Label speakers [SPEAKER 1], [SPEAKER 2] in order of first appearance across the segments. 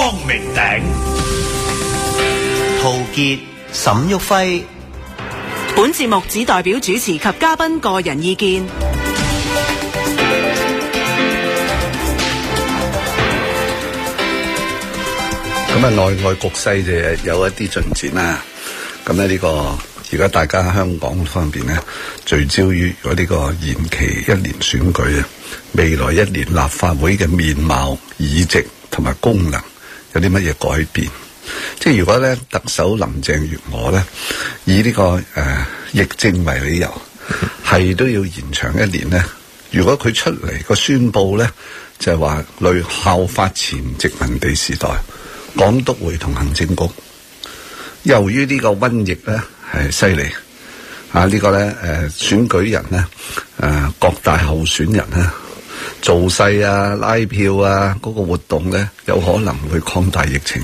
[SPEAKER 1] 光明頂，陶傑、沈旭輝。本節目只代表主持及嘉賓個人意
[SPEAKER 2] 見。咁啊，內外局勢就有一啲進展啦。咁咧、這個，呢個而家大家香港方面呢，聚焦於如果呢個延期一年選舉啊，未來一年立法會嘅面貌、議席同埋功能。有啲乜嘢改變？即係如果咧特首林鄭月娥咧以呢、這個誒、呃、疫症為理由，係 都要延長一年咧。如果佢出嚟個宣佈咧，就係、是、話類效法前殖民地時代，港督會同行政局，由於呢個瘟疫咧係犀利，啊、這個、呢個咧選舉人咧誒、啊、各大候選人咧。做勢啊，拉票啊，嗰、那個活動咧，有可能會擴大疫情，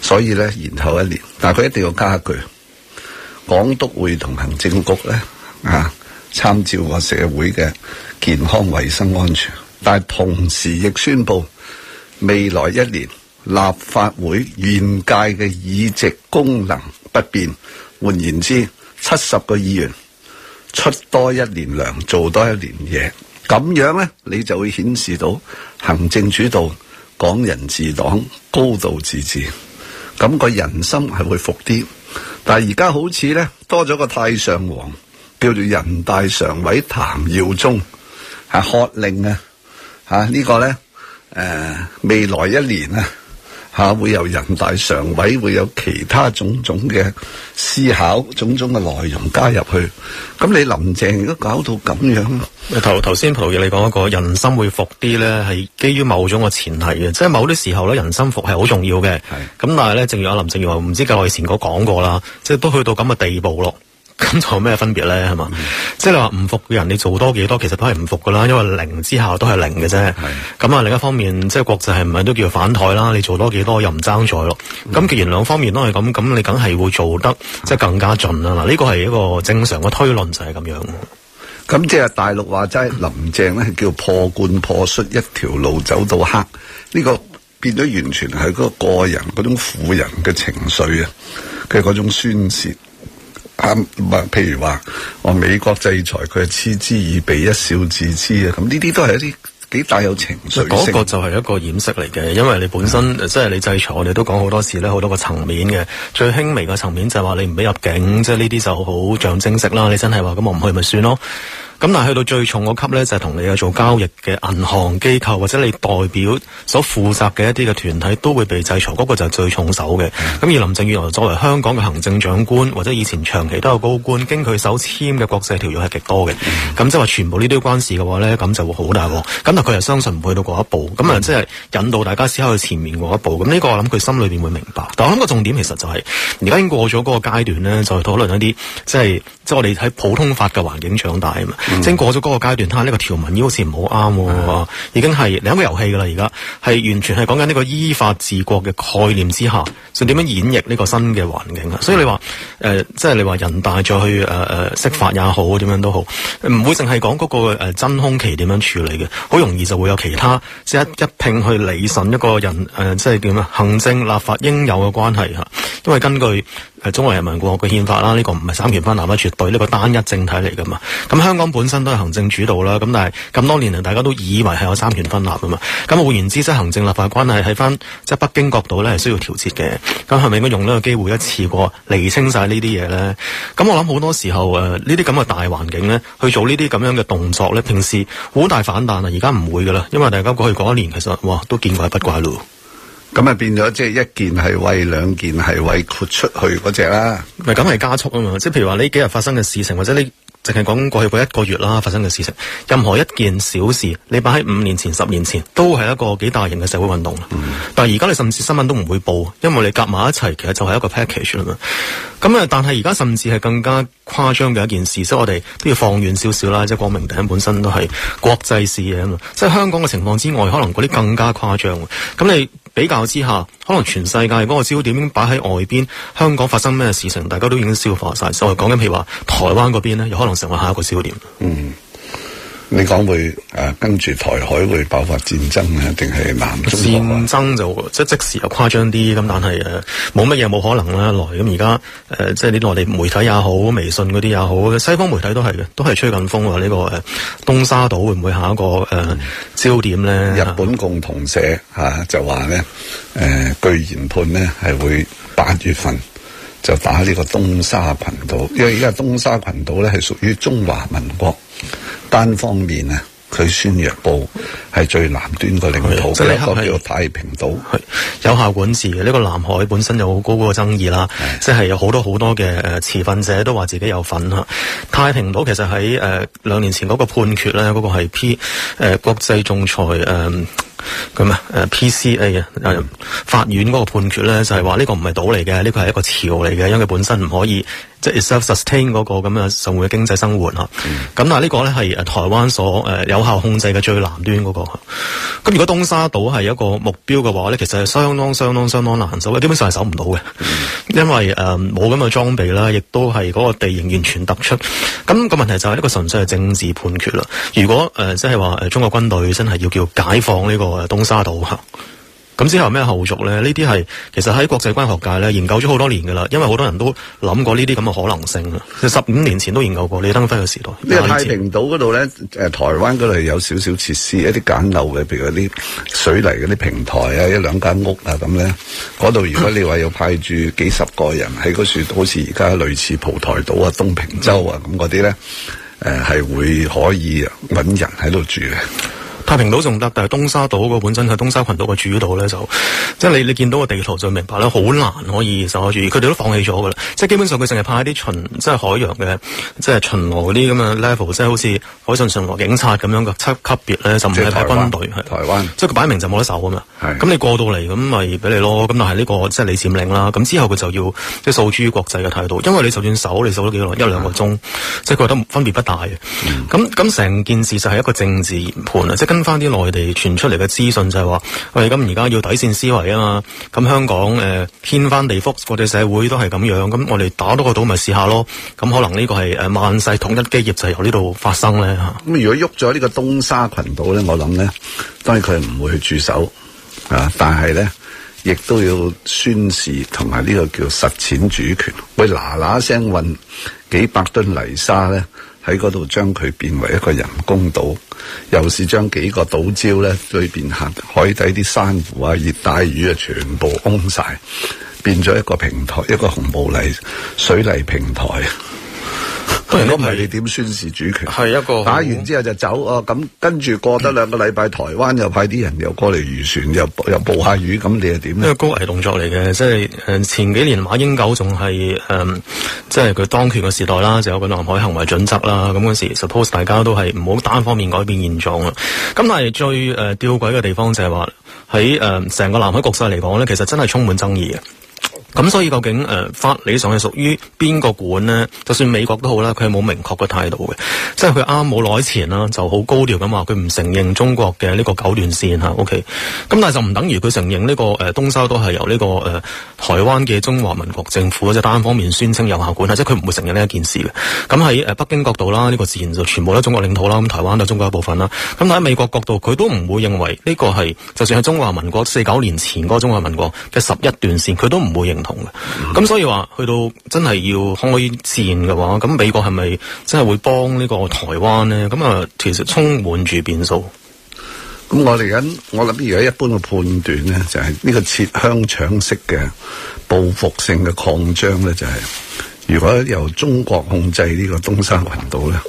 [SPEAKER 2] 所以咧，延後一年，但係佢一定要加一句，港督會同行政局咧啊，參照個社會嘅健康、衛生、安全，但係同時亦宣布，未來一年立法會現屆嘅議席功能不變，換言之，七十個議員出多一年糧，做多一年嘢。咁樣咧，你就會顯示到行政主導、港人治港、高度自治。咁個人心係會服啲，但係而家好似咧多咗個太上皇，叫做人大常委譚耀宗，係喝令啊！吓、這、呢個咧，誒、啊，未來一年啊。吓會由人大常委會有其他種種嘅思考，種種嘅內容加入去。咁你林鄭都搞到咁樣，
[SPEAKER 1] 頭頭先蒲葉你講一個人心會服啲咧，係基於某種嘅前提嘅，即係某啲時候咧，人心服係好重要嘅。係咁，但係咧，正如阿林鄭月娥唔知我以前講講過啦，即係都去到咁嘅地步咯。咁仲有咩分別咧？係嘛，即係你話唔服嘅人，你做多幾多，其實都係唔服噶啦，因為零之下都係零嘅啫。咁啊，另一方面，即係國際係唔係都叫反台啦？你做多幾多又唔爭在咯？咁既然兩方面都係咁，咁你梗係會做得即係更加盡啦。嗱，呢個係一個正常嘅推論就係咁樣。
[SPEAKER 2] 咁即係大陸話齋，林鄭咧叫破罐破摔，一條路走到黑。呢個變咗完全係嗰個個人嗰種苦人嘅情緒啊，嘅嗰種宣洩。啊，譬如話，我美國制裁佢係嗤之以鼻，一笑置之啊，咁呢啲都係一啲幾帶有情緒。嗰、嗰個
[SPEAKER 1] 就係一個掩飾嚟嘅，因為你本身、嗯、即係你制裁，我哋都講好多次咧，好多個層面嘅。最輕微嘅層面就係話你唔俾入境，即係呢啲就好象徵式啦。你真係話咁我唔去咪算咯。咁但係去到最重嗰級咧，就係、是、同你去做交易嘅銀行機構或者你代表所負責嘅一啲嘅團體都會被制裁，嗰、那個就係最重手嘅。咁、嗯、而林鄭月娥作為香港嘅行政長官，或者以前長期都有高官經佢手簽嘅國際條約係極多嘅。咁即係話全部呢啲關事嘅話咧，咁就會好大喎。咁但佢又相信唔去到嗰一步，咁啊即係引導大家思考去前面嗰一步。咁呢個我諗佢心裏面會明白。但我諗個重點其實就係而家已經過咗嗰個階段咧，就是、討論一啲即係即係我哋喺普通法嘅環境長大啊嘛。經過咗嗰個階段，睇下呢個條文好似唔好啱，已經係兩個遊戲噶啦，而家係完全係講緊呢個依法治國嘅概念之下，就點樣演繹呢個新嘅環境啊？所以你話誒，即係你話人大再去誒誒釋法也好，點樣都好，唔會淨係講嗰個誒真空期點樣處理嘅，好容易就會有其他即係一,一拼去理順一個人誒，即係點啊？行政立法應有嘅關係吓，因為根據。係中華人民共和國嘅憲法啦，呢、這個唔係三權分立，絕對呢、這個單一政體嚟噶嘛。咁香港本身都係行政主導啦，咁但係咁多年嚟大家都以為係有三權分立啊嘛。咁換言之，即行政立法關係喺翻即係北京角度咧，係需要調節嘅。咁係咪應該用呢個機會一次過釐清晒呢啲嘢咧？咁我諗好多時候誒，呢啲咁嘅大環境咧，去做呢啲咁樣嘅動作咧，平時好大反彈啊！而家唔會噶啦，因為大家過去嗰一年其實哇，都見
[SPEAKER 2] 怪不怪啦。咁啊，變咗即係一件係威，兩件係威，豁出去嗰隻啦。
[SPEAKER 1] 咪咁係加速啊嘛！即係譬如話呢幾日發生嘅事情，或者你淨係講過去嗰一個月啦發生嘅事情，任何一件小事，你擺喺五年前、十年前都係一個幾大型嘅社會運動。嗯。但係而家你甚至新聞都唔會報，因為你夾埋一齊，其實就係一個 package 啦嘛。咁啊，但係而家甚至係更加誇張嘅一件事，即係我哋都要放遠少少啦。即係光明頂本身都係國際事嘅嘛，即係香港嘅情況之外，可能嗰啲更加誇張。咁你？比較之下，可能全世界嗰個焦點擺喺外邊，香港發生咩事情，大家都已經消化晒，所謂講緊譬如話，台灣嗰邊咧，又可能成為下一個焦點。嗯。
[SPEAKER 2] 你講會誒跟住台海會爆發戰爭啊？定係南中？
[SPEAKER 1] 戰爭就即即時又誇張啲咁，但係誒冇乜嘢冇可能啦來。咁而家誒即係你內地媒體也好，微信嗰啲也好，西方媒體都係嘅，都係吹緊風，話呢、這個
[SPEAKER 2] 誒東沙島會唔會下一個誒、呃、焦點咧？日本共同社吓就話咧誒據研判咧係會八月份就打呢個東沙群島，因為而家東沙群島咧係屬於中華民國。單方面啊，佢宣弱布係最南端嘅領土嘅，即係呢刻係個
[SPEAKER 1] 太平島，係有效管治嘅。呢、這個南海本身有好高個爭議啦，即係、就是、有好多好多嘅誒持份者都話自己有份嚇。太平島其實喺誒兩年前嗰個判決咧，嗰、那個係 P 誒、呃、國際仲裁誒咁啊 PCA 誒、呃、法院嗰個判決咧，就係話呢個唔係島嚟嘅，呢、這個係一個礁嚟嘅，因為本身唔可以。即係 self-sustain 嗰個咁嘅社會嘅經濟生活嚇，咁但係呢個咧係台灣所誒有效控制嘅最南端嗰個。咁如果東沙島係一個目標嘅話咧，其實係相當相當相當難守，基本上係守唔到嘅，因為誒冇咁嘅裝備啦，亦都係嗰個地形完全突出。咁個問題就係一個純粹嘅政治判決啦。如果誒即係話中國軍隊真係要叫解放呢個誒東沙島嚇。咁之後咩後續咧？呢啲係其實喺國際關係學界咧研究咗好多年㗎啦，因為好多人都諗過呢啲咁嘅可能性啦。十五年前都研究過李登輝嘅時代。呢個太
[SPEAKER 2] 平島嗰度咧，誒台灣嗰度有少少設施，一啲簡陋嘅，譬如嗰啲水泥嗰啲平台啊，一兩間屋啊咁咧，嗰度如果你話要派住幾十個人喺嗰處，好似而家類似蒲台島啊、東平洲啊咁嗰啲咧，誒係會可以揾人喺度住嘅。
[SPEAKER 1] 太平島仲得，但係東沙島個本身係東沙群島嘅主島咧，就即係你你見到個地圖就明白啦，好難可以守得住。佢哋都放棄咗噶啦，即係基本上佢淨係派一啲巡，即係海洋嘅，即係巡邏嗰啲咁嘅 level，即係好似海上巡邏警察咁樣嘅七級別咧，就唔係派軍隊台灣，台灣，即係擺明就冇得守啊嘛。咁你過到嚟咁咪俾你咯。咁但係呢、呢個即係你佔領啦。咁之後佢就要即係訴諸國際嘅態度，因為你就算守，你守咗幾耐，一兩個鐘，即係覺得分別不大嘅。咁咁成件事就係一個政治研判、嗯、即翻啲內地傳出嚟嘅資訊就係話，喂，咁而家要底線思維啊嘛，咁香港誒、呃、天翻地覆，國、那、際、個、社會都係咁樣，咁我哋打到個島，咪試下咯，咁可能呢個係誒萬世統一基業就係由呢度發生咧
[SPEAKER 2] 嚇。咁如果喐咗呢個東沙群島咧，我諗咧，當然佢唔會去駐守啊，但係咧亦都要宣示同埋呢個叫實踐主權，喂，嗱嗱聲運幾百噸泥沙咧。喺嗰度將佢變為一個人工島，又是將幾個島礁咧最變黑，海底啲珊瑚啊、熱帶魚啊全部崩曬，變咗一個平台，一個紅毛泥水泥平台。如果唔係，你點宣示主權？係一個打完之後就走哦。咁、啊、跟住過得兩個禮拜，台灣又派啲人又過嚟漁船，又
[SPEAKER 1] 又捕下魚。咁你又點咧？一個高危動作嚟嘅，即係誒，前幾年馬英九仲係誒，即係佢當權嘅時代啦，就有個南海行為準則啦。咁嗰時 suppose 大家都係唔好單方面改變現狀啊。咁但係最誒吊詭嘅地方就係話，喺誒成個南海局勢嚟講咧，其實真係充滿爭議嘅。咁所以究竟誒、呃、法理上係屬於邊個管呢？就算美國都好啦，佢係冇明確嘅態度嘅，即係佢啱冇耐前啦，就好高調咁話佢唔承認中國嘅呢個九段線吓 OK。咁、OK？但係就唔等於佢承認呢、這個、呃、東沙都係由呢、這個誒、呃、台灣嘅中華民國政府即單方面宣稱有效管轄，即係佢唔會承認呢一件事嘅。咁喺北京角度啦，呢、這個自然就全部都中國領土啦，咁台灣都中國一部分啦。咁但喺美國角度，佢都唔會認為呢個係，就算係中華民國四九年前嗰中華民國嘅十一段線，佢都唔會認。唔同嘅，咁所以話去到真係要開戰嘅話，咁美國係咪真係會幫呢個台灣呢？咁
[SPEAKER 2] 啊，其、呃、實充滿住變數。咁、嗯、我哋緊，我諗而家一般嘅判斷呢，就係、是、呢個切香腸式嘅報復性嘅擴張呢，就係、是、如果由中國控制呢個東沙群島呢，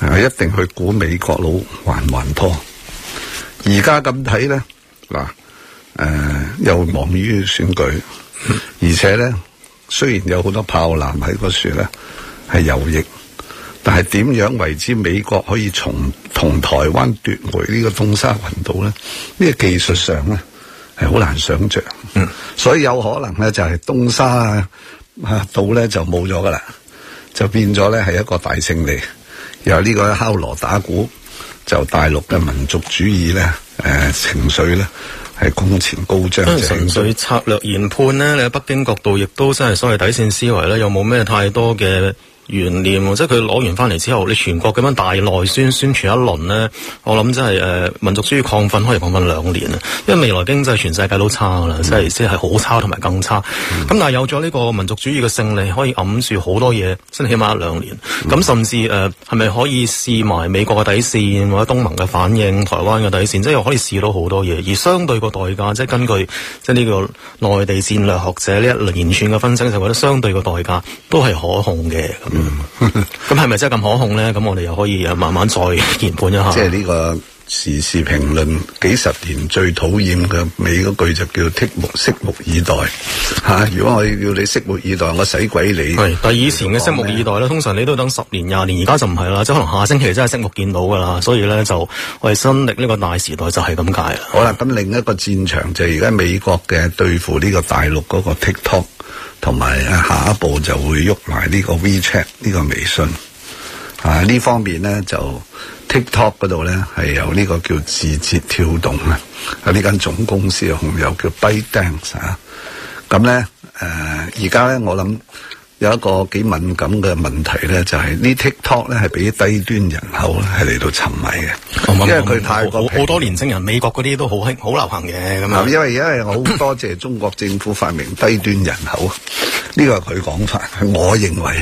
[SPEAKER 2] 嗯、啊一定去鼓美國佬還還波。而家咁睇呢，嗱、啊，誒、呃、又忙於選舉。而且咧，雖然有好多炮艦，喺個樹咧係游弋，但係點樣為之美國可以從同台灣奪回呢個東沙群島咧？呢、這個技術上咧係好難想象。嗯，所以有可能咧就係東沙啊島咧就冇咗噶啦，就變咗咧係一個大勝利。又係呢個敲鑼打鼓，就大陸嘅民族主義咧誒、呃、情緒咧。係空前高漲嘅、就是，純粹
[SPEAKER 1] 策略研判呢，你喺北京角度亦都真係所謂底線思維咧，有冇咩太多嘅。懸念即係佢攞完翻嚟之後，你全國咁樣大內宣宣傳一輪呢。我諗真係誒民族主義亢奮可以亢奮兩年啊！因為未來經濟全世界都差㗎喇、嗯，即係即係好差同埋更差。咁、嗯、但係有咗呢個民族主義嘅勝利，可以揞住好多嘢，真係起碼一兩年。咁、嗯、甚至誒係咪可以試埋美國嘅底線或者東盟嘅反應、台灣嘅底線，即係又可以試到好多嘢。而相對個代價，即係根據即係呢個內地戰略學者呢一連串嘅分析，就覺得相對個代價都係可控嘅咁係咪真咁可控咧？咁我哋又可以慢慢
[SPEAKER 2] 再研判一下。即係呢個時事評論幾十年最討厭嘅美嗰句就叫剔目拭目以待吓、啊。如果我要你拭目以待，我使鬼你係。
[SPEAKER 1] 但係以前嘅拭目以待咧，通常你都等十年，廿年，而家就唔係啦。即係可能下星期真係拭目見到噶啦。所以咧就我哋新曆呢個大時代就係咁解。
[SPEAKER 2] 好啦，咁另一個戰場就而家美國嘅對付呢個大陸嗰個 TikTok。同埋啊，下一步就會喐埋呢個 WeChat 呢個微信啊，呢方面咧就 TikTok 嗰度咧係有呢個叫字節跳動啊，啊呢間總公司啊仲有叫 ByteDance 啊，咁咧誒而家咧我諗。有一個幾敏感嘅問題咧，就係、是、呢 TikTok 咧係俾低端人口咧係嚟到沉迷嘅、嗯嗯嗯，因為佢太好多年輕人，美國嗰啲都好興好流行嘅咁啊。因為我好多謝中國政府發明低端人口，呢、嗯這個係佢講法、嗯，我認為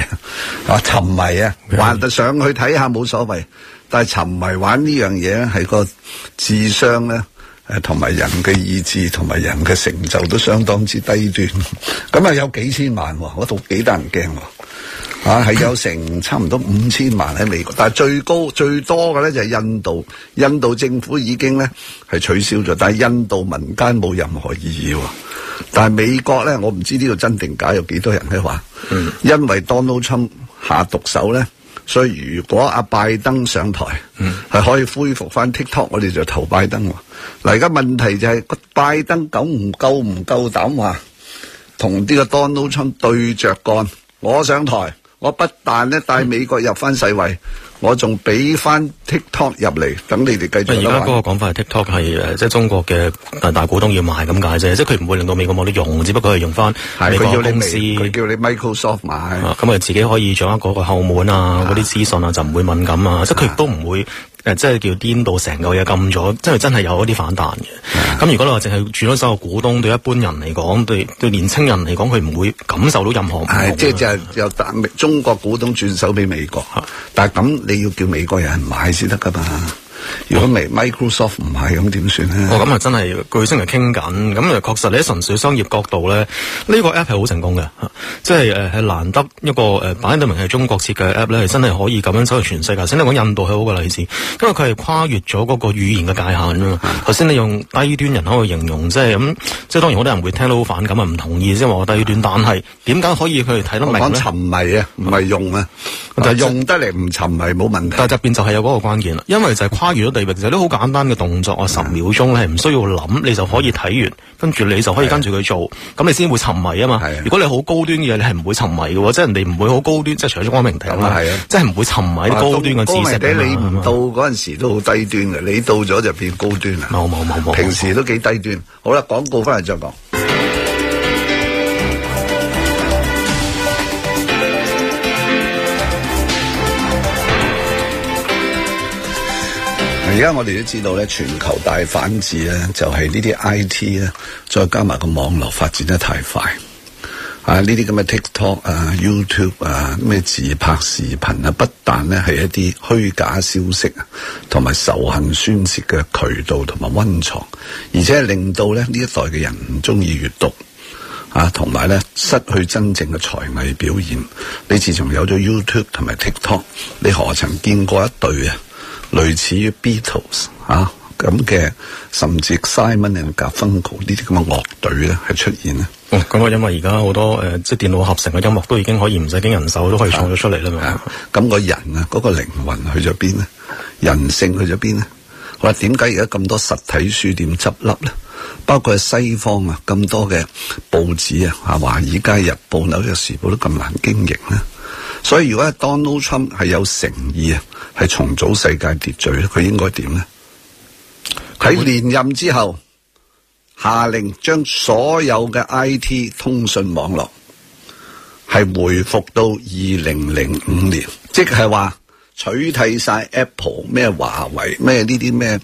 [SPEAKER 2] 啊沉迷啊，玩得、嗯、上去睇下冇所謂，但係沉迷玩呢樣嘢咧係個智商咧。誒，同埋人嘅意志，同埋人嘅成就都相當之低端。咁啊，有幾千萬，我讀幾得人驚啊，係有成差唔多五千萬喺美國。但係最高最多嘅咧，就係印度，印度政府已經咧係取消咗，但係印度民間冇任何意義。但係美國咧，我唔知呢度真定假，有幾多人咧話，嗯，因為 Donald Trump 下毒手咧。所以如果阿拜登上台，係、嗯、可以恢復翻 TikTok，我哋就投拜登。嗱，而家問題就係、個、拜登夠唔夠唔夠膽話同啲個 Donald Trump 對着幹，我上台，我不但咧帶美國入翻世衛我仲俾翻 TikTok 入嚟，等你哋繼續。而家嗰個
[SPEAKER 1] 講法係 TikTok 係誒，即、就、係、是、中國嘅大，大股東要賣咁解啫，即係佢唔會令到美國冇得用，只不過係用翻美國公司。佢叫，叫你 Microsoft 買，咁啊自己可以掌握嗰個後門啊，嗰啲資訊啊就唔會敏感啊，即係佢亦都唔會。誒，即係叫顛倒成個嘢禁咗，即係真係有一啲反彈嘅。咁如果你話淨係轉咗手股東，對一般人嚟講，對對年青人嚟講，佢唔會感受到任何股東，係即係
[SPEAKER 2] 就係由中國股東轉手俾美國，但係咁你要叫美國人買先得噶嘛？如果未 Microsoft 唔係咁點算咧？哦，咁啊真係巨星嚟傾
[SPEAKER 1] 緊，咁啊確實你喺純粹商業角度咧，呢個 app 係好成功嘅，即係誒係難得一個誒擺得明係中國設計嘅 app 咧，係真係可以咁樣走入全世界。先你講印度係好個例子，因為佢係跨越咗嗰個語言嘅界限啫嘛。啊、頭先你用低端人口去形容，即係咁，即係當然好多人會聽到好反感啊，唔同意即話我低端，但係點解可以去睇得明沉
[SPEAKER 2] 迷啊，唔係用啊，就係、用得嚟唔沉迷冇問題。但係入邊就係有嗰個關鍵
[SPEAKER 1] 啦，因為就係跨。遇到地平，其實都好簡單嘅動作啊，十秒鐘你係唔需要諗，你就可以睇完，跟住你就可以跟住佢做，咁你先會沉迷啊嘛。如果你好高端嘅嘢，你係唔會沉迷嘅，即係人哋唔會好高端，即係除咗安明。咁啊係啊，即係唔會沉迷啲高端嘅知識。你唔
[SPEAKER 2] 到嗰陣時都好低端嘅，你到咗就變高端啦。冇冇冇冇，平時都幾低端。好啦，廣告翻嚟再講。而家我哋都知道咧，全球大反智咧，就係呢啲 IT 咧，再加埋個網絡發展得太快啊！呢啲咁嘅 TikTok 啊、YouTube 啊、咩自拍視頻啊，不但咧係一啲虛假消息同埋仇恨宣泄嘅渠道同埋溫床，而且令到咧呢一代嘅人唔中意閱讀啊，同埋咧失去真正嘅才藝表現。你自從有咗 YouTube 同埋 TikTok，你何曾見過一對啊？類似於 Beatles 啊咁嘅，甚至 Simon 及 Garfunkel 呢啲咁嘅樂隊咧，係出現咧。咁、哦、啊，因為而家好多誒、呃，即係電腦合成嘅音樂都已經可以唔使經人手都可以創咗出嚟啦嘛。咁、啊啊嗯嗯那個人啊，嗰、那個靈魂去咗邊咧？人性去咗邊咧？我話點解而家咁多實體書店執笠咧？包括西方啊，咁多嘅報紙啊，啊華爾街日報、紐約時報都咁難經營咧？所以如果係 Donald Trump 係有誠意啊，係重組世界秩序咧，佢應該點咧？喺連任之後下令將所有嘅 I T 通訊網絡，係回復到二零零五年，即係話取締晒 Apple 咩、華為咩呢啲咩誒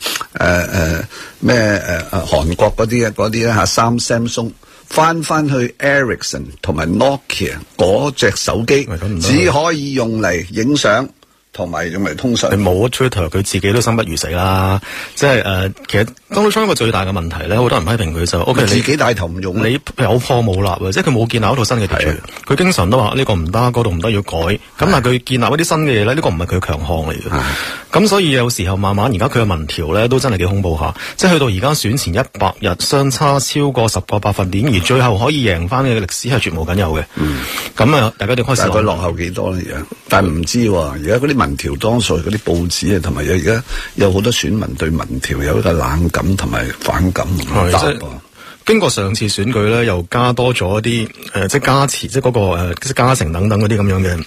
[SPEAKER 2] 誒咩誒誒韓國嗰啲啊嗰啲啊嚇三 Samsung。翻返去 Ericsson 同埋 Nokia 嗰隻手機，只可以用嚟影相。同埋仲咪通常，你冇 Twitter
[SPEAKER 1] 佢自己都生不如死啦。即係誒，其實 Donald Trump 個最大嘅問題咧，好多人批評佢就 OK，是、你自己帶頭唔用，嗯、你普普、就是、有破冇立啊，即係佢冇建立一套新嘅秩序。佢經常都話呢個唔得，嗰度唔得要改。咁但係佢建立一啲新嘅嘢咧，呢、這個唔係佢嘅強項嚟嘅。咁所以有時候慢慢而家佢嘅民調咧都真係幾恐怖吓，即、就、係、是、去到而家選前一百日相差超過十個百分點，而最後可以贏翻嘅歷史係絕無僅有嘅。咁、嗯、啊，大家就開始大概落
[SPEAKER 2] 後幾多咧？而但係唔知而家啲。民調當數嗰啲報紙啊，同埋有而家有好多選民對民調有一個冷感同埋反感同埋失望。
[SPEAKER 1] 經過上次選舉咧，又加多咗一啲誒、呃，即係加詞即係嗰個誒，即係、那個呃、加成等等嗰啲咁樣嘅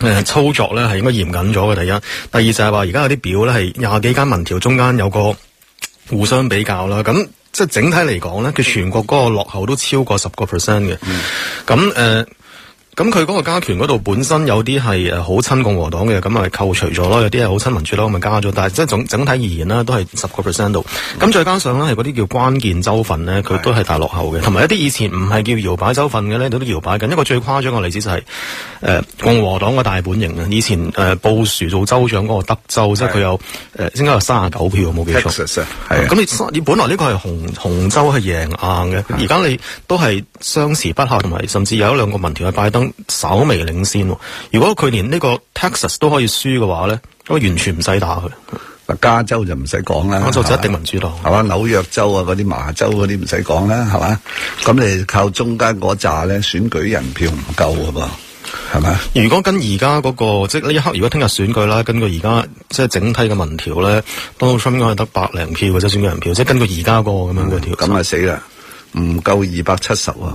[SPEAKER 1] 誒操作咧，係應該嚴謹咗嘅。第一，第二就係話而家有啲表咧係廿幾間民調中間有個互相比較啦。咁即係整體嚟講咧，佢全國嗰個落後都超過十個 percent 嘅。咁、嗯、誒。咁佢嗰個加權嗰度本身有啲係誒好親共和黨嘅，咁咪扣除咗咯；有啲係好親民主咯，咪加咗。但係即係總整體而言啦，都係十個 percent 度。咁再加上咧係嗰啲叫關鍵州份咧，佢都係大落後嘅。同、嗯、埋一啲以前唔係叫搖擺州份嘅咧，都，都搖擺緊。一個最誇張嘅例子就係、是、誒、呃、共和黨嘅大本營啊！以前誒、呃、布殊做州長嗰個德州，嗯、即係佢有誒應該有三十九票，冇記錯。咁、啊嗯嗯、你本來呢個係紅紅州係贏硬嘅，而、嗯、家你都係相持不下。同埋甚至有一兩個民調係拜登。稍微領先，如果佢連呢個 Texas 都可以輸嘅話咧，咁完全唔使打佢。
[SPEAKER 2] 嗱，加州就唔使講啦，咁做就一定民主黨咯，係嘛？紐約州啊，嗰啲麻州嗰啲唔使講啦，係嘛？咁你靠中間嗰扎咧，選舉人票唔夠嘅噃，
[SPEAKER 1] 係嘛？如果跟而家嗰個即係呢一刻，如果聽日選舉啦，根據而家即係整體
[SPEAKER 2] 嘅民調咧，Donald Trump 可能得百零票嘅啫，選舉人票，嗯、即係根據而家個咁樣嘅條，咁啊死啦，唔夠二百七十啊，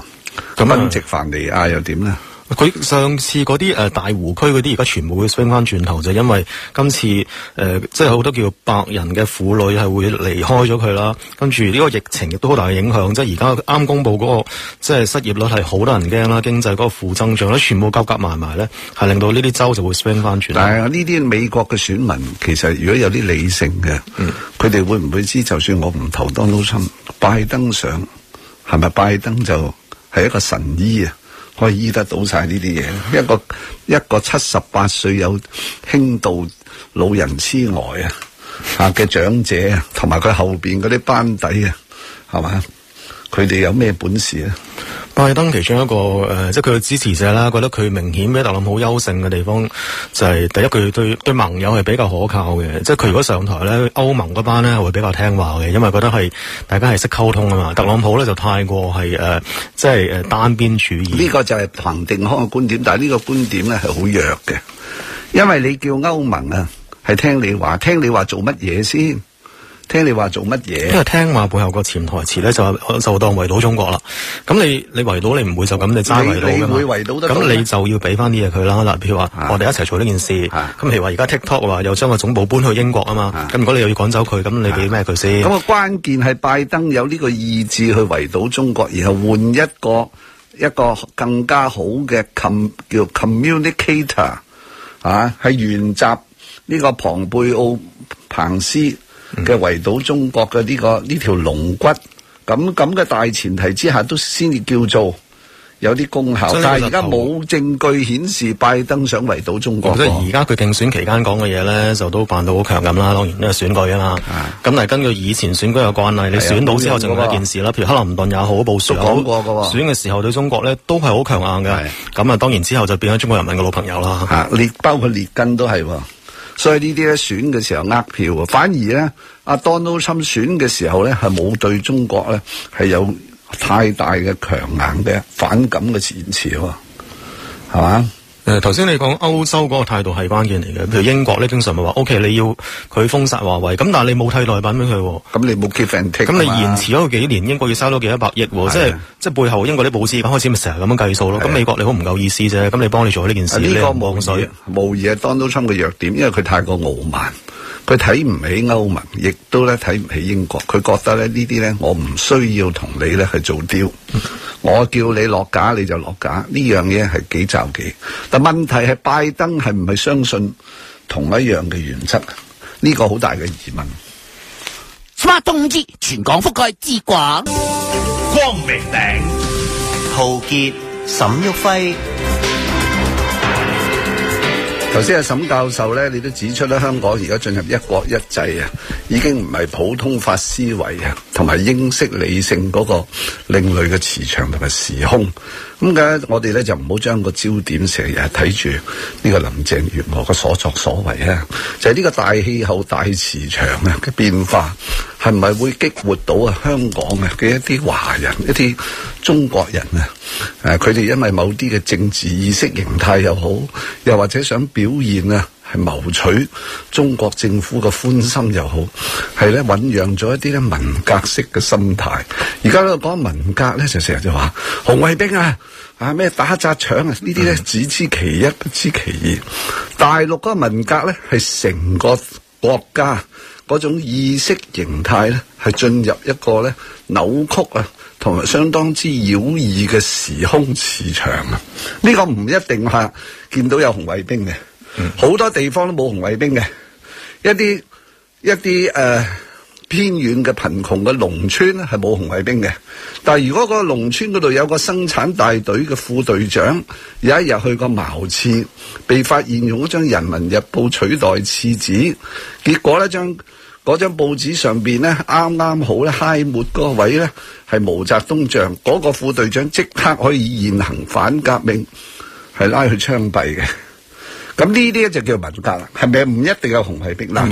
[SPEAKER 2] 咁賓夕凡尼亞又點咧？佢
[SPEAKER 1] 上次嗰啲，誒，大湖區嗰啲而家全部會 swing 翻轉頭，就因為今次誒、呃、即係好多叫做白人嘅婦女係會離開咗佢啦，跟住呢個疫情亦都好大嘅影響，即係而家啱公布嗰、嗰個即係失業率係好多人驚啦，經濟嗰個負增長咧，全部夾夾埋埋咧係令到呢啲州就會 swing 翻轉頭。
[SPEAKER 2] 係啊，呢啲美國嘅選民其實如果有啲理性嘅，佢、嗯、哋會唔會知就算我唔投特朗普，拜登上係咪拜登就係一個神醫啊？可以醫得到曬呢啲嘢，一個一個七十八歲有輕度老人痴呆啊，啊嘅長者啊，同埋佢後面嗰啲班底啊，係嘛？佢哋有咩本事啊？拜登其中一個誒、呃，即係佢嘅支持者啦，覺得佢
[SPEAKER 1] 明顯比特朗普優勝嘅地方就係、是、第一，佢對對盟友係比較可靠嘅，即係佢如果上台咧，歐盟嗰班咧會比較聽話嘅，因為覺得係大家係識溝通啊嘛。特朗
[SPEAKER 2] 普咧就太過係誒、呃，即係誒單邊主義。呢、這個就係彭定康嘅觀點，但係呢個觀點咧係好弱嘅，因為你叫歐盟啊，係聽你話，聽你話做乜嘢先。聽你話做乜嘢？因為
[SPEAKER 1] 聽話背後個潛台詞咧，就就當圍堵中國啦。咁你你圍堵，你唔會就咁你齋圍堵噶嘛？咁你，你，你就要俾翻啲嘢佢啦。嗱，譬如話我哋一齊做呢件事。咁、啊、譬如話而家 TikTok 話又將個總部搬去英國啊嘛。咁、啊、如果你又要趕走佢，咁你俾咩佢先？
[SPEAKER 2] 咁、啊、個關鍵係拜登有呢個意志去圍堵中國，然後換一個、嗯、一個更加好嘅 communicator 啊，喺原集呢個龐貝奧彭斯。嘅圍堵中國嘅呢、這個呢、嗯、條龍骨咁咁嘅大前提之下，都先至叫做有啲功效。但係而家冇證據顯示拜登想圍堵中國。所以而
[SPEAKER 1] 家佢競選期間講嘅嘢咧，就都扮到好強咁啦。當然呢個選舉啊嘛。咁、嗯、但係根據以前選舉嘅慣例，你選到之後就另一件事啦。譬如克林頓也好，布殊好，選嘅時候對中國咧都係好強硬嘅。咁啊，當然之後就
[SPEAKER 2] 變咗中國人民嘅老朋友啦。嚇，你包括列根都係。所以呢啲咧，選嘅時候呃票啊，反而咧阿 Donald Trump 選嘅時候咧係冇對中國咧係有太大嘅強硬嘅反感嘅言詞喎，係嘛？
[SPEAKER 1] 誒，頭先你講歐洲嗰個態度係關鍵嚟嘅，譬如英國咧，經常咪話，OK，你要佢封殺華為，咁但係你冇替代品俾佢，咁你冇 give and take，咁你延遲咗幾年、啊，英國要收多
[SPEAKER 2] 幾多百億、啊，即係、啊、即
[SPEAKER 1] 係背後英國啲報紙開始咪成日咁樣計數咯。咁、啊啊、美國你好唔夠意思啫，咁、啊、你
[SPEAKER 2] 幫你做呢件事呢、啊這個妄想無疑係 Donald Trump 嘅弱點，因為佢太過傲慢，佢睇唔起歐盟，亦都咧睇唔起英國。佢覺得咧呢啲咧，我唔需要同你咧去做 deal、嗯。我叫你落架，你就落架，呢樣嘢係幾招忌。但問題係拜登係唔係相信同一樣嘅原則？呢個好大嘅疑問。SmartTone 全港覆蓋之廣，光明頂，陶傑，沈旭輝。頭先阿沈教授咧，你都指出咧，香港而家進入一國一制啊，已經唔係普通法思維啊。同埋英式理性嗰個另類嘅磁場同埋時空，咁解我哋咧就唔好將個焦點成日睇住呢個林鄭月娥嘅所作所為啊，就係呢個大氣候、大磁場啊嘅變化，係唔係會激活到啊香港嘅嘅一啲華人、一啲中國人啊？誒佢哋因為某啲嘅政治意識形態又好，又或者想表現啊？係謀取中國政府嘅歡心又好，係咧醞釀咗一啲咧文革式嘅心態。而家咧講文革咧就成日就話紅衛兵啊，啊咩打砸搶啊呢啲咧只知其一不知其二。大陸嗰個文革咧係成個國家嗰種意識形態咧係進入一個咧扭曲啊，同埋相當之妖異嘅時空磁場啊。呢、這個唔一定話見到有紅衛兵嘅。好多地方都冇紅衛兵嘅，一啲一啲誒、呃，偏遠嘅貧窮嘅農村係冇紅衛兵嘅。但係如果個農村嗰度有個生產大隊嘅副隊長，有一日去個茅廁，被發現用一張《人民日報》取代廁紙，結果咧，張嗰張報紙上邊咧，啱啱好咧揩抹嗰個位咧，係毛澤東像，嗰、嗰個副隊長即刻可以現行反革命，係拉去槍斃嘅。咁呢啲就叫文革啦，係咪唔一定有雄起逼難。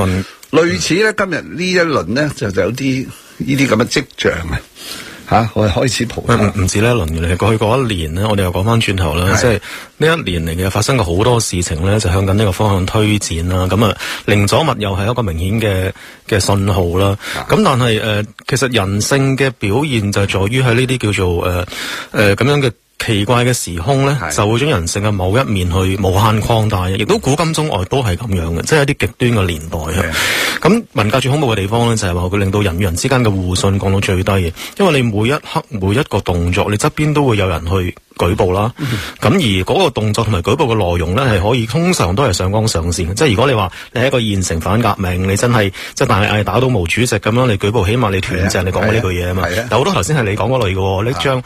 [SPEAKER 2] 類似咧、嗯，今日呢一輪咧，就就有啲呢啲咁嘅跡象啊！吓，
[SPEAKER 1] 我哋開始盤。唔唔止呢一輪嚟，過去嗰一年咧，我哋又講翻轉頭啦，即係呢一年嚟嘅發生嘅好多事情咧，就向緊呢個方向推展啦。咁啊，零左物又係一個明顯嘅嘅信號啦。咁、啊啊、但係誒、呃，其實人性嘅表現就在於喺呢啲叫做誒誒咁樣嘅。奇怪嘅時空呢，就會將人性嘅某一面去無限擴大，亦都古今中外都係咁樣嘅，即係一啲極端嘅年代。咁 文革最恐怖嘅地方呢，就係話佢令到人與人之間嘅互信降到最低嘅，因為你每一刻每一個動作，你側邊都會有人去。舉報啦，咁而嗰個動作同埋舉報嘅內容咧，係可以通常都係上綱上線嘅。即係如果你話你係一個現成反革命，你真係即係但係嗌打倒毛主席咁樣，你舉報起碼你斷，起碼你斷正你講過呢句嘢啊嘛。但好多頭先係你講嗰類嘅，呢張誒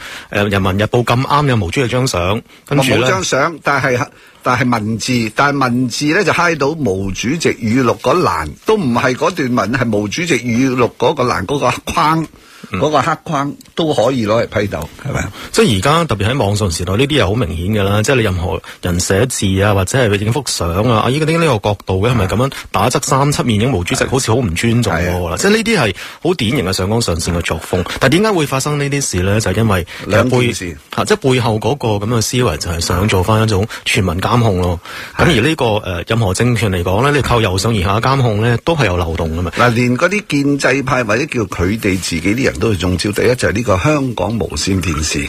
[SPEAKER 1] 《人民日報》咁啱有毛主席張相，跟住冇張
[SPEAKER 2] 相，但係但係文字，但係文字咧就嗨到毛主席語錄嗰欄，都唔係嗰段文，係毛主席語錄嗰個欄嗰個框。嗰、那個黑框都可以攞嚟批鬥，係
[SPEAKER 1] 咪、嗯？即係而家特別喺網上時代，呢啲又好明顯㗎啦。即係你任何人寫字啊，或者係影幅相啊，啊依個呢個角度嘅，係咪咁樣打側三七面影毛主席，好似好唔尊重㗎啦。即係呢啲係好典型嘅上綱上線嘅作風。但係點解會發生呢啲事咧？就係、是、因為，因為背兩背事，即係背後嗰個咁嘅思維就係想做返一種全民監控咯。咁而呢、這個、呃、任何政權嚟講咧，你靠由上而下的監控咧，都係有
[SPEAKER 2] 漏洞㗎嘛。嗱、嗯，連嗰啲建制派或者叫佢哋自己啲人，都係中招，第一就係呢個香港無綫電視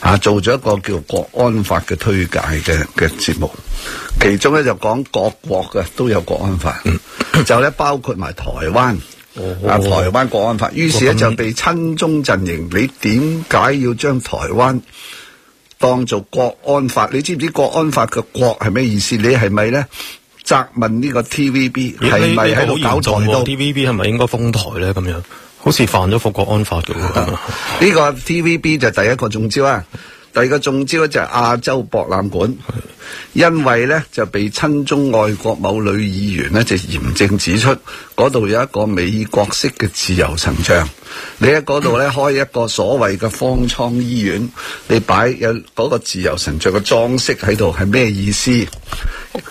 [SPEAKER 2] 啊，做咗一個叫國安法嘅推介嘅嘅節目，其中咧就講各國嘅都有國安法，就咧包括埋台灣
[SPEAKER 1] 啊，台灣國
[SPEAKER 2] 安法，於是咧就被親中陣營，你點解要將台灣當做國安法？你知唔知國安法嘅國係咩意思？你係咪咧責問呢個 TVB 係咪喺度搞台
[SPEAKER 1] ？TVB 係咪應該封台咧？咁樣？好似犯咗《復國安法》咁樣嘅
[SPEAKER 2] 呢個 TVB 就第一個中招啊，第二個中招咧就係亞洲博覽館， 因為咧就被親中愛國某女議員咧就嚴正指出，嗰度有一個美國式嘅自由神像，你喺嗰度咧開一個所謂嘅方艙醫院，你擺有嗰個自由神像嘅裝飾喺度，係咩意思？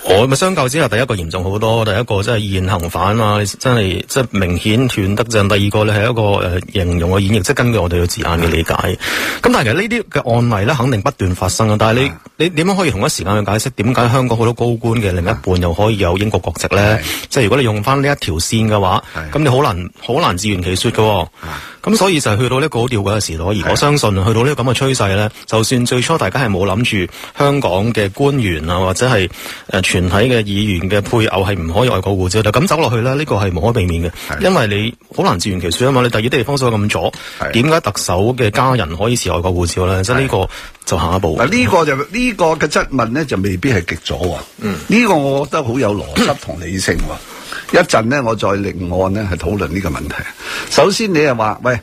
[SPEAKER 1] 我咪相較之下，第一個嚴重好多，第一個即係現行犯啊，真係即係明顯斷得盡。第二個咧係一個誒，形容嘅演繹，即係根據我哋嘅自然嘅理解。咁但係其實呢啲嘅案例咧，肯定不斷發生啊。但係你你點樣可以同一時間去解釋，點解香港好多高官嘅另一半又可以有英國國籍咧？即係如果你用翻呢一條線嘅話，咁你好難好難自圓其說噶。咁所以就係去到呢個吊詭嘅時候。而我相信去到呢個咁嘅趨勢咧，就算最初大家係冇諗住香港嘅官員啊，或者係。全體嘅議員嘅配偶係唔可以外國護照，就咁走落去咧，呢個係無可避免嘅，因為你好難自圓其説啊嘛。你第二啲地方所咁阻，點解特首嘅
[SPEAKER 2] 家人可以持外國護照咧？即係呢個就下一步。嗱、啊，呢個就呢個嘅質問咧，就未必係極左。嗯，呢個我覺得好有邏輯同理性。嗯、一陣咧，我再另案咧係討論呢個問題。首先你說，你又話喂，誒、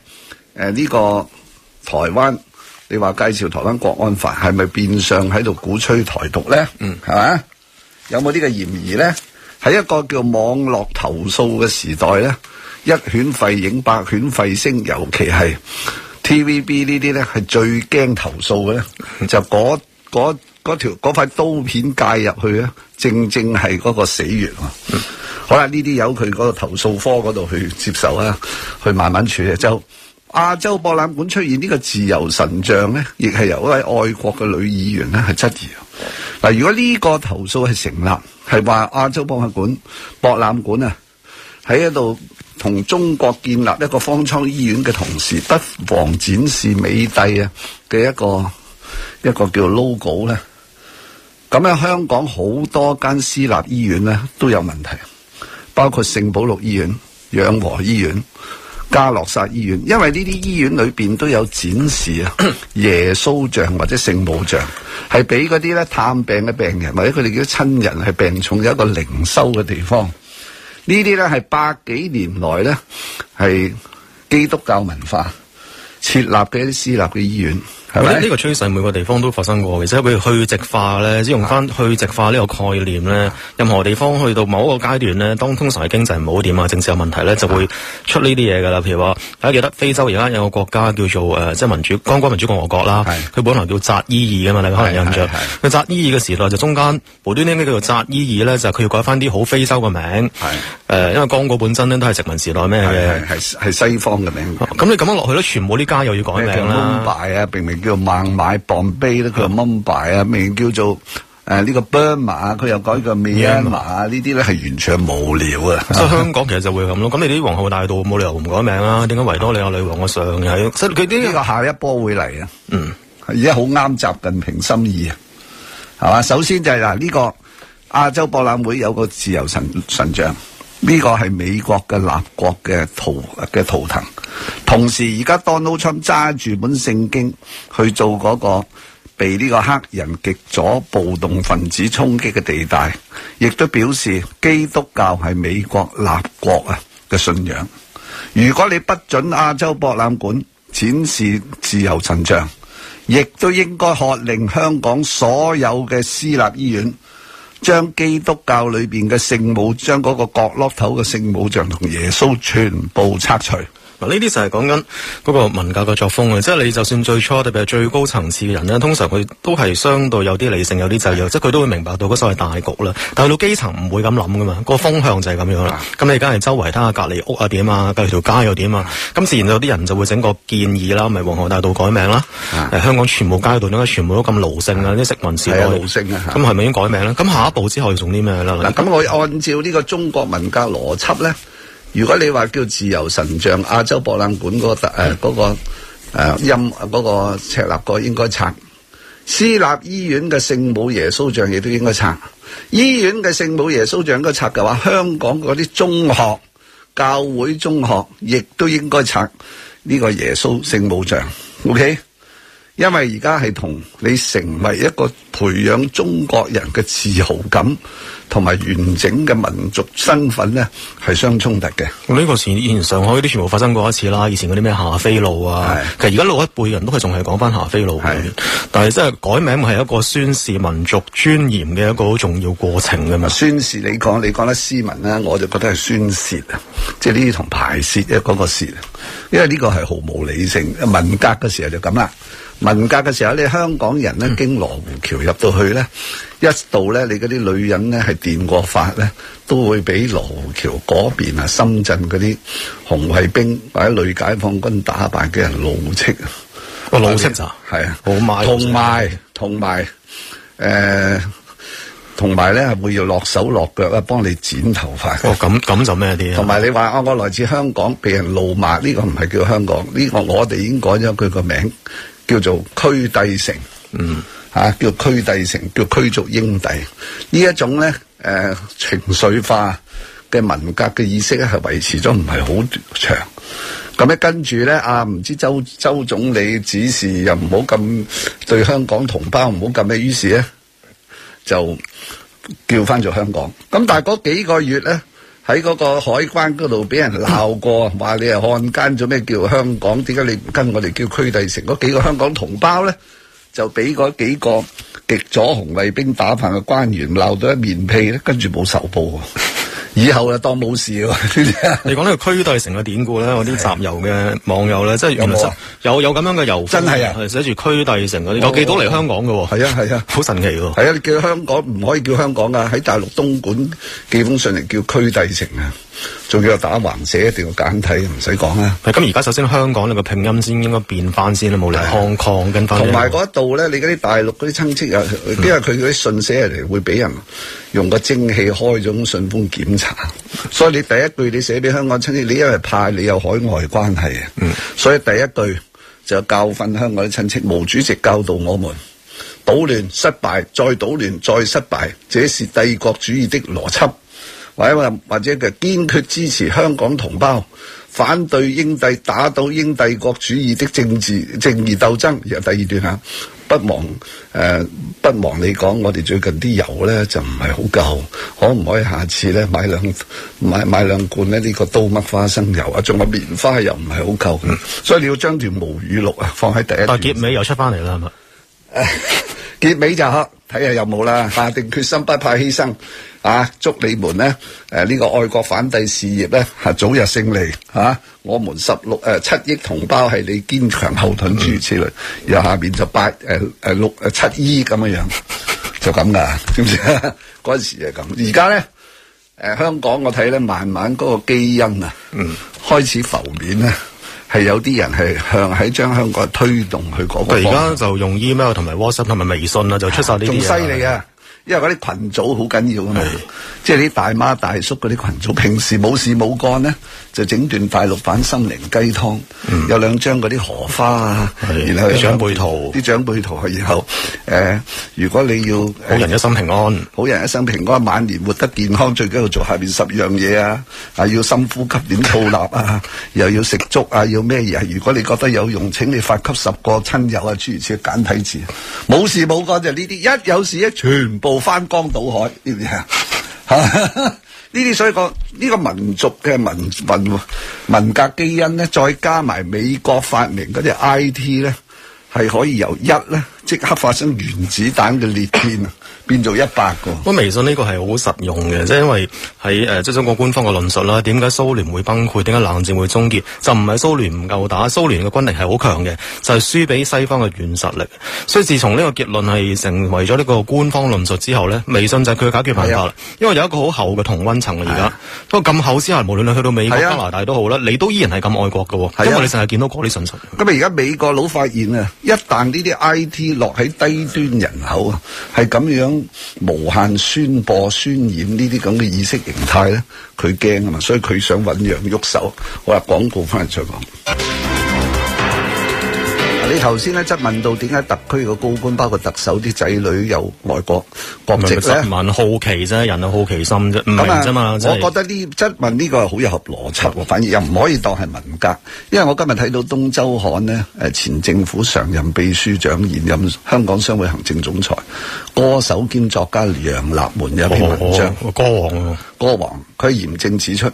[SPEAKER 2] 呃、呢個台灣，你話介紹台灣國安法係咪變相喺度鼓吹台獨咧？嗯，係嘛？有冇呢個嫌疑咧？喺一個叫網絡投訴嘅時代咧，一犬吠影，百犬吠聲，尤其係 TVB 呢啲咧，係最驚投訴嘅咧，就嗰嗰嗰條嗰塊刀片介入去咧，正正係嗰個死穴啊、嗯。好啦，呢啲由佢嗰個投訴科嗰度去接受啊，去慢慢處理。就亞洲博覽館出現呢個自由神像咧，亦係由一位外國嘅女議員咧係質疑。嗱，如果呢個投訴係成立，係話亞洲博物館、博覽館啊，喺一度同中國建立一個方艙醫院嘅同時，不妨展示美帝啊嘅一個一個叫 logo 咧。咁樣香港好多間私立醫院咧都有問題，包括聖保祿醫院、養和醫院。加洛薩醫院，因為呢啲醫院裏邊都有展示啊耶穌像或者聖母像，係俾嗰啲咧探病嘅病人或者佢哋嘅親人係病重有一個靈修嘅地方。呢啲咧係百幾年來咧係基督教文化設立嘅一啲私立嘅醫院。呢、這個
[SPEAKER 1] 趨勢每個地方都發生過，其且譬如去殖化咧，即用翻去殖化呢個概念咧，任何地方去到某一個階段咧，當通常係經濟唔好點啊，政治有問題咧，就會出呢啲嘢噶啦。譬如話，大家記得非洲而家有個國家叫做、呃、即係民主剛果民主共和國啦，佢本來叫扎伊爾噶嘛，你可能印象，佢扎伊爾嘅時代就中間無端端呢叫做扎伊爾咧，就佢、是、要改翻啲好非洲嘅名，誒、呃，因為剛果本身咧都係殖民時代咩，係係西方嘅名。咁你咁樣落去咧，全部啲家又要
[SPEAKER 2] 改名啦。啊，並叫做孟買、Bombay 咧，佢又掹巴啊，咩叫做誒呢、呃這個 Burma，佢又改個緬甸啊，呢啲咧係完全無聊的、嗯、啊！香
[SPEAKER 1] 港其實就會咁咯。咁你啲皇后大道冇理由唔改名啊？點解維多利亞、啊嗯、女王嘅上嘅？所以佢呢個下一
[SPEAKER 2] 波會嚟啊！嗯，而家好啱習近平心意啊，係嘛？首先就係嗱、這個，呢個亞洲博覽會有個自由神神像。呢個係美國嘅立國嘅圖嘅圖騰，同時而家 Donald Trump 揸住本聖經去做嗰個被呢個黑人極左暴動分子衝擊嘅地帶，亦都表示基督教係美國立國啊嘅信仰。如果你不准亞洲博覽館展示自由神像，亦都應該喝令香港所有嘅私立醫院。將基督教裏邊嘅聖母，將嗰個角落頭嘅聖母像同耶穌全部拆除。呢啲就係講緊嗰個文革嘅作風啊！就是、即係
[SPEAKER 1] 你就算最初特別係最高層次嘅人咧，通常佢都係相對有啲理性，有啲制約，即係佢都會明白到所謂大局啦。但係到基層唔會咁諗噶嘛，個風向就係咁樣啦。咁你而家係周圍睇下隔離屋啊點啊，隔離條街又點啊，咁自然有啲人就會整個建議啦，咪皇后大道改名啦？香港全部街道點解全部都咁勞性嘅啲殖民時代係勞性，咁係咪已經改名咧？咁下一步之後要做啲咩咧？
[SPEAKER 2] 嗱，咁我按照呢個中國文革邏輯咧。如果你話叫自由神像，亞洲博覽館嗰個誒嗰、呃嗰個誒音嗰個赤立個應該拆，私立醫院嘅聖母耶穌像亦都應該拆，醫院嘅聖母耶穌像應該拆嘅話，香港嗰啲中學教會中學亦都應該拆呢個耶穌聖母像，OK？因為而家係同你成為一個培養中國人嘅自豪感。同埋完整嘅民族身份咧，係相衝突嘅。
[SPEAKER 1] 我、這、呢個事以前上海啲全部發生過一次啦，以前嗰啲咩霞飛路啊，其實而家老一輩人都係仲係講翻霞飛路，但係真係改名係一個宣示民族尊嚴
[SPEAKER 2] 嘅一個好重要過程㗎嘛。宣示你講你講得斯文啦，我就覺得係宣泄啊，即係呢啲同排泄一嗰、那個泄。因為呢個係毫無理性。文革嗰時候就咁啦。文革嘅時候咧，你香港人咧經羅湖橋入到去咧，嗯，一度咧，你嗰啲女人咧係電過髮咧，都會俾羅湖橋嗰邊啊，深圳嗰啲紅衛兵或者女解放軍打扮嘅人怒斥，哦、啊，怒斥就係啊，同埋同埋，誒，同埋咧會要落手落腳啊，幫你剪頭髮。哦，咁咁就咩啲、啊，同埋你話我我來自香港，俾人怒罵，呢個唔係叫香港，呢、呢個我哋已經改咗佢個名。叫做區帝城，嗯、啊、叫區帝城，叫驅逐英帝，呢一種咧誒情緒化嘅文革嘅意識咧，係維持咗唔係好長。咁咧跟住咧啊，唔知周周總理指示又唔好咁對香港同胞，唔好咁咩，於是咧就叫返咗香港。咁但係嗰幾個月咧。喺嗰個海關嗰度俾人鬧過，話你係漢奸，做咩叫香港？點解你唔跟我哋叫區弟城嗰幾個香港同胞咧？就俾嗰幾個極左紅衛兵打扮嘅官員鬧到一面屁，跟住冇仇報。以後就當冇事喎。
[SPEAKER 1] 你講呢個屈帝城嘅典故咧，我啲集郵嘅網友咧，即係原來有有咁樣嘅郵，真係啊，寫住屈帝城嗰啲，哦，有寄到嚟香港嘅，係啊，係啊，好、哦、神奇喎。係啊，你
[SPEAKER 2] 叫香港唔可以叫香港噶，喺大陸東莞寄封信嚟叫屈帝城啊。仲要打橫寫，一定要簡體，唔使講啦。
[SPEAKER 1] 咁而家首先香港呢個拼音應該先應該變翻先啦，冇啦。抗抗跟翻。同埋嗰一
[SPEAKER 2] 度咧，你嗰啲大陸嗰啲親戚又，因為佢嗰啲信寫嚟會俾人用個蒸氣開咗信封檢查，所以你第一句你寫俾香港親戚，你因為怕你有海外關係啊，所以第一句就教訓香港啲親戚。毛主席教導我們：搗亂失敗，再搗亂再失敗，這是帝國主義的邏輯。或者話或者嘅堅決支持香港同胞反對英帝打倒英帝國主義的政治正義鬥爭。第二段嚇，不忘誒、呃、不忘你講我哋最近啲油咧就唔係好夠，可唔可以下次咧買兩買買兩罐呢呢、呢個刀嘜花生油啊？仲有棉花油唔係好夠，所以你要將條毛語錄啊放喺第一段。結
[SPEAKER 1] 尾又出翻嚟啦，係咪
[SPEAKER 2] 結尾就睇下有冇啦，下、啊、定決心不怕犧牲，啊！祝你們呢誒呢、啊這個愛國反帝事業咧，係、啊、早日勝利啊！我們十六誒、啊、七億同胞係你堅強後盾住之類，然後下面就八誒誒、啊啊、六誒、啊、七億咁樣樣，就咁噶，知唔知啊？嗰陣時係咁，而家咧誒香港我睇咧慢慢嗰個基因啊，開始浮面啦、啊。係有啲人係向喺將香港推動去嗰，佢而家就用 email 同埋 WhatsApp 同埋微信啊，就出售啲嘢。因為嗰啲群組好緊要㗎嘛，即係啲大媽大叔嗰啲群組，平時冇事冇幹呢，就整段大陸版心靈雞湯，有兩張嗰啲荷花啊，然後啲長輩圖，啲長輩圖，然後誒、呃，如果你要好人一生平安，好人一生平安，晚年活得健康，最緊要做下面十樣嘢啊，啊要深呼吸點吐納啊， 又要食粥啊，要咩嘢？如果你覺得有用，請你發給十個親友啊，諸如此類簡體字，冇事冇幹就呢啲，一有事一全部。翻江倒海呢啲吓，呢 啲所以講呢、這個民族嘅文文文革基因咧，再加埋美國發明嗰啲 IT 咧，係可以由一咧即刻發生原子彈嘅裂變啊！變做一百
[SPEAKER 1] 個。不過微信呢個係好實用嘅，即、就、係、是、因為喺誒即係中國官方嘅論述啦。點解蘇聯會崩潰？點解冷戰會終結？就唔係蘇聯唔夠打，蘇聯嘅軍力係好強嘅，就係輸俾西方嘅軟實力。所以自從呢個結論係成為咗呢個官方論述之後咧，微信就係佢嘅解決辦法啦、啊。因為有一個好厚嘅同溫層而家。不過咁厚之下，無論你去到美
[SPEAKER 2] 國、啊、加拿大都好啦，你都依然係咁愛國嘅、啊。因為你成日見到嗰啲信息。咁而家美國佬發現啊，一旦呢啲 I T 落喺低端人口啊，係咁樣。無限宣播、渲染呢啲咁嘅意識形態咧，佢驚啊嘛，所以佢想醞釀喐手。我話廣告翻嚟再講。你頭先咧質問到點解特區個高官包括特首啲仔女有外國國籍啫？問
[SPEAKER 1] 好奇啫，人有好奇心啫，唔明啫嘛？我覺
[SPEAKER 2] 得呢質問呢個好有合邏輯喎，反而又唔可以當係文革，因為我今日睇到東周刊呢，誒前政府常任秘書長現任香港商會行政總裁，歌手兼作家楊立門一篇文章，哦哦、歌王、啊、歌王，佢嚴正指出。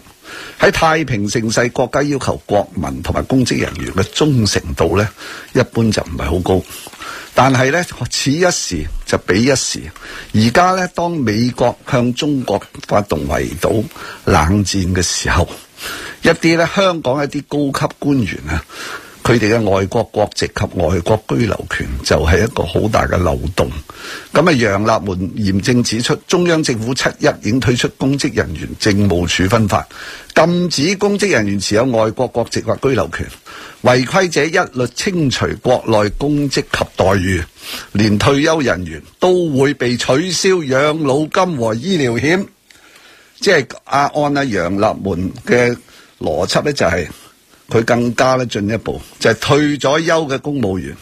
[SPEAKER 2] 喺太平盛世，國家要求國民同埋公職人員嘅忠誠度咧，一般就唔係好高。但係咧，此一時就彼一時。而家咧，當美國向中國發動圍堵冷戰嘅時候，一啲咧香港一啲高級官員啊。佢哋嘅外國國籍及外國居留權就係一個好大嘅漏洞。咁啊，楊立門嚴正指出，中央政府七一已經推出公職人員政務處分法，禁止公職人員持有外國國籍或居留權，違規者一律清除國內公職及待遇，連退休人員都會被取消養老金和醫療險。即係阿安啊，楊立門嘅邏輯咧就係、是。佢更加咧進一步，就係退咗休嘅公務員，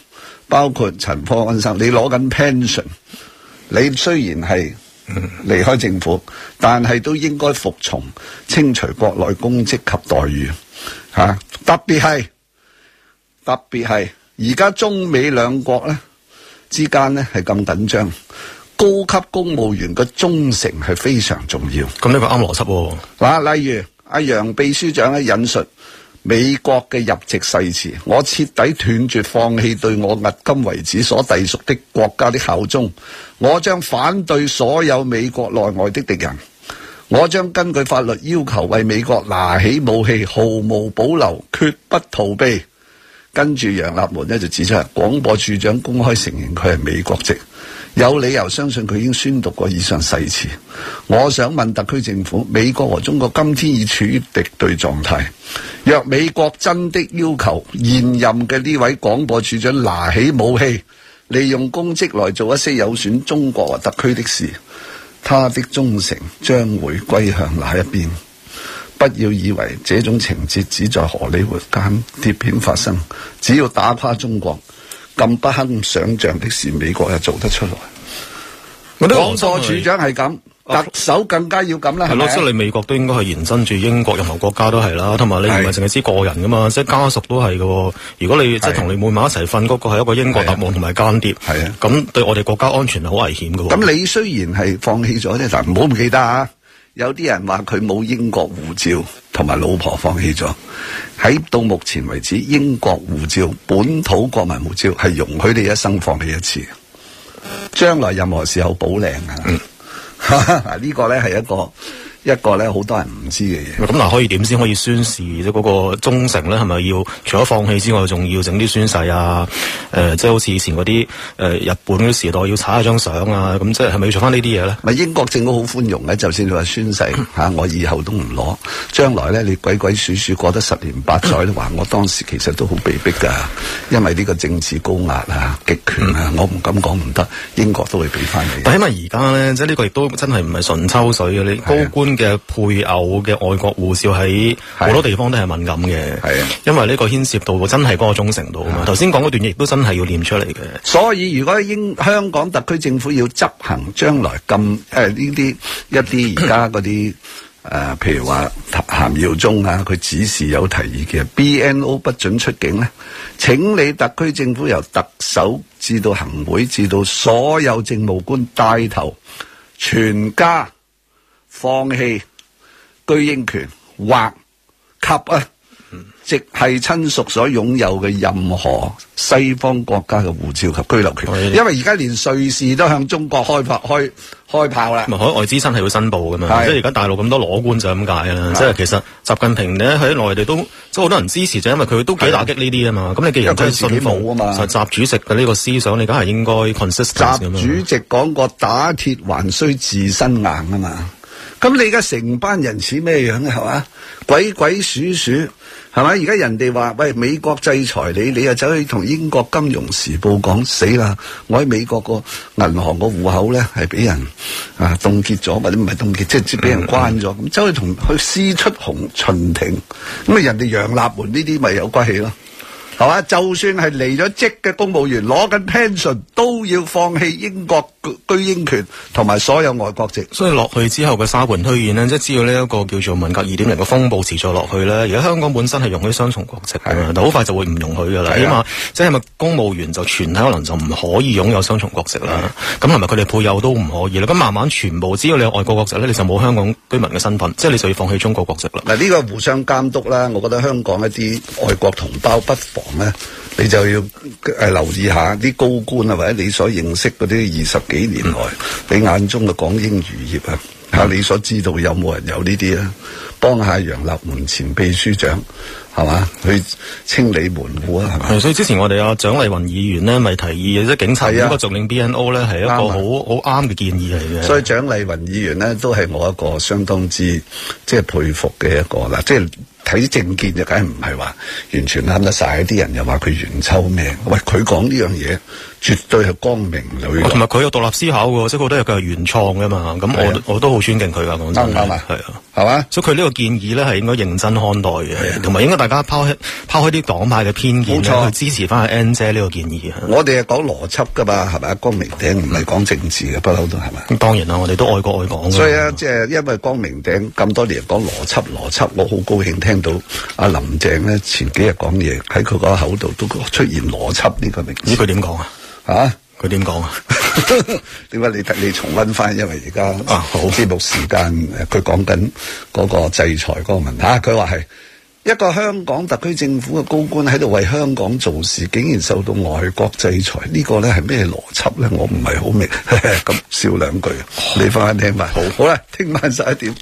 [SPEAKER 2] 包括陳方安生，你攞緊 pension，你雖然係離開政府，但係都應該服從清除國內公職及待遇吓。特別係特別係而家中美兩國咧之間咧係咁緊張，高級公務員嘅忠誠係非常重要。咁呢個啱邏輯喎。嗱，例如阿楊秘書長咧引述。美國嘅入籍誓詞，我徹底斷絕放棄對我迄今為止所隸屬的國家的效忠，我將反對所有美國內外的敵人，我將根據法律要求為美國拿起武器，毫無保留，絕不逃避。跟住楊立門咧就指出，廣播處長公開承認佢係美國籍。有理由相信佢已經宣讀過以上誓詞。我想問特區政府：美國和中國今天已處於敵對狀態，若美國真的要求現任嘅呢位廣播處長拿起武器，利用公職來做一些有損中國和特區的事，他的忠誠將會歸向哪一邊？不要以為這種情節只在荷里活間諜片發生，只要打垮中國。咁不堪想象的事，美國又做得出來。哦哦、我講錯處長係咁，特、哦、首更加要咁啦。係囉，即係你
[SPEAKER 1] 美國都應該係延伸住英國，任何國家都係啦。同埋你唔係淨係知個人噶嘛，即係家屬都係嘅。如果你、啊、即係同你妹埋一齊瞓，嗰、嗰個係
[SPEAKER 2] 一個英國特務同埋間諜。係啊，咁對我哋國家安全係好危險嘅。咁你雖然係放棄咗啫、嗯，但唔好唔記得啊。有啲人話佢冇英國護照，同埋老婆放棄咗。喺到目前為止，英國護照、本土國民護照係容許你一生放棄一次。將來任何時候補領啊！呢、嗯、 個咧係一個一個咧好多人唔知嘅嘢，咁嗱可以點先可以宣
[SPEAKER 1] 誓即嗰個忠誠咧？係咪要除咗放棄之外，仲要整啲宣誓啊？誒、呃，即
[SPEAKER 2] 係好似以前嗰啲誒日本嘅時代要查一張相啊？咁即係係咪要做翻呢啲嘢咧？咪英國政府好寬容嘅，就算你話宣誓吓、 啊，我以後都唔攞，將來咧你鬼鬼祟祟過得十年八載，話 我當時其實都好被逼噶，因為呢個政治高壓啊、極權啊， 我唔敢講唔得，英國都會俾翻你。
[SPEAKER 1] 但係起碼而家咧，即係呢個亦都真係唔係純抽水嘅，你高官嘅配偶。嘅外國護照喺好多地方都係敏感嘅，係啊，因為呢個牽涉到真係嗰種忠誠度啊嘛。頭先講嗰段亦都真係
[SPEAKER 2] 要念出嚟嘅。所以如果英香港特區政府要執行將來咁誒呢啲一啲而家嗰啲誒，譬如話譚耀宗啊，佢指示有提議嘅，B N O 不准出境咧，請你特區政府由特首至到行會至到所有政務官帶頭，全家放棄。居英權或及啊，即係親屬所擁有嘅任何西方國家嘅護照及居留權。因為而家連瑞士都向中國開炮，開開炮啦。海
[SPEAKER 1] 外資產係要申報噶嘛。即係而家大陸咁多裸官就咁解啦。即係其實習近平咧喺內地都即係好多人支持，就因為佢都幾打擊呢啲啊嘛。咁你既然都信奉啊嘛，習主
[SPEAKER 2] 席嘅呢個思想，你梗係應該 consistent。習主席講過，打鐵還需自身硬啊嘛。咁你而家成班人似咩樣嘅係嘛？鬼鬼祟祟係咪？而家人哋話喂，美國制裁你，你又走去同英國金融時報講死啦！我喺美國個銀行個戶口咧係俾人啊凍結咗，或者唔係凍結，即係即俾人關咗。咁、嗯、走、嗯、去同去師出紅秦庭，咁啊人哋楊立門呢啲咪有關係咯？係嘛？就算係離咗職嘅公務員攞緊 pension 都要放棄英國居英權同埋所有外國籍。
[SPEAKER 1] 所以落去之後嘅沙盤推演呢，即係只要呢一個叫做文革二點零嘅風暴持續落去呢，而家香港本身係容許雙重國籍嘅就好快就會唔容許㗎啦。起碼即係咪公務員就全體可能就唔可以擁有雙重國籍啦？咁係咪佢哋配偶都唔可以啦，咁慢慢全部只要你有外國國籍咧，你就冇香港居民嘅身份，即係你就要放棄中國國籍啦。嗱、這、
[SPEAKER 2] 呢個互相監督啦，我覺得香港一啲外國同胞不妨。咩？你就要誒留意一下啲高官啊，或者你所認識嗰啲二十幾年來，嗯，你眼中嘅港英餘孽啊，吓、嗯、你所知道有冇人有這些呢啲啊？幫下楊立門前秘書長係嘛，去清理門戶啊！係咪，嗯？所以之前我哋阿蔣麗雲議
[SPEAKER 1] 員咧，咪提議即警察個續領 BNO 呢個續領 B N O 咧，係、啊、一個好
[SPEAKER 2] 好啱嘅建議嚟嘅。所以蔣麗雲議員咧，都係我一個相當之即係佩服嘅一個啦，即係。睇啲政見就梗係唔係話完全啱得晒，啲人又話佢元秋咩？喂，佢講呢樣嘢。絕對係光明同埋
[SPEAKER 1] 佢有獨立思考嘅，即係我覺得佢係原創噶嘛。咁我我都好尊敬佢噶，講真啱唔啱啊？係係嘛？所以佢呢個建議咧，係應該認真看待嘅，同埋應該大家拋拋開啲黨派嘅偏見咧，去支持翻阿 n 姐呢個建議。
[SPEAKER 2] 我哋係講邏輯噶嘛，係咪？光明頂唔係講政治嘅，不嬲都係咪？當然啦，我哋都愛國愛港。所以啊，即係因為光明頂咁多年講邏輯，邏輯我好高興聽到阿林鄭咧前幾日講嘢，喺佢個口度都出現邏輯呢個名詞。佢點講啊？吓，佢點講啊？點解你你重溫翻？因為而家、啊、好節目時間，誒，佢講緊嗰個制裁嗰個問題。佢話係一個香港特區政府嘅高官喺度為香港做事，竟然受到外國制裁，這個，呢個咧係咩邏輯咧？我唔係好明，咁笑兩句。哦、你翻聽埋。好啦，聽晚十一點。